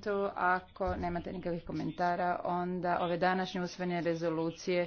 parlamentu. Ako nemate nikakvih komentara, onda ove današnje usvojene rezolucije